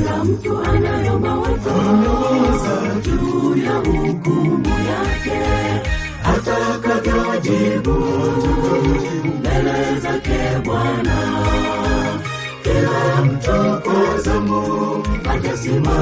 Kila mtu anayo mawazo juu ya hukumu yake, atakavyojibu mbele zake Bwana. Kila mtu kwa zamu atasimama,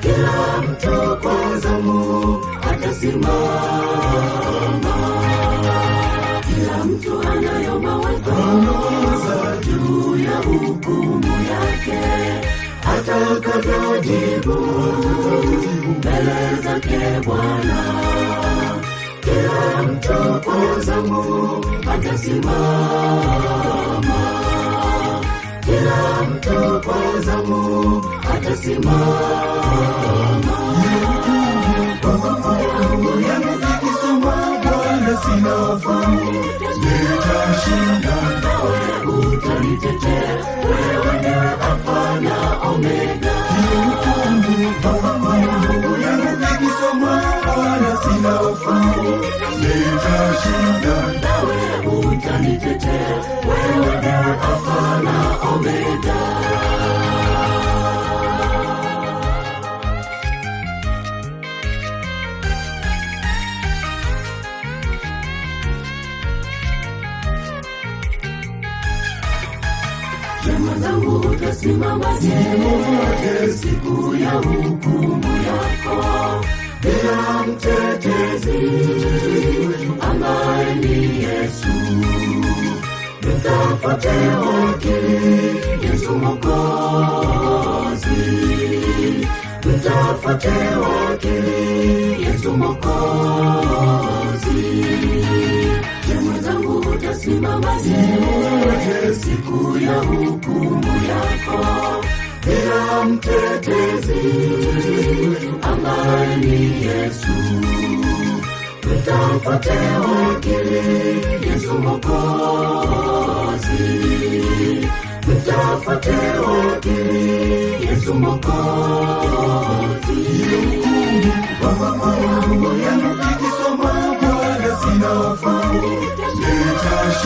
kila mtu kwa zamu atasimama. majibu mbele zake Bwana. Kila mchokoza Mungu atasimama, kila mchokoza Kwa nguvu yangu ya muziki soma Rehema zangu utasimama zote siku ya hukumu yako, bila mtetezi ambaye ni Yesu. Nitafate wakili, Yesu Mwokozi, nitafate wakili, Yesu Mwokozi. Rehema zangu utasimama zote siku ya hukumu yako, bila mtetezi ambaye ni Yesu. Mtafate wakili Yesu Mwokozi, mtafate wakili Yesu Mwokozi.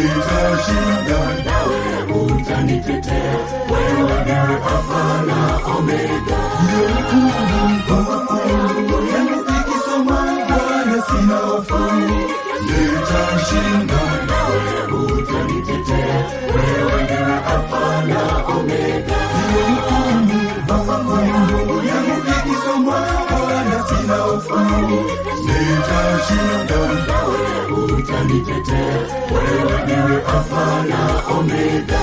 nitashinda, nawe utanitetea, wewe ndiwe Alfa na Omega. Ndiye mkuu nitetea, wewe ndiwe Alfa na Omega.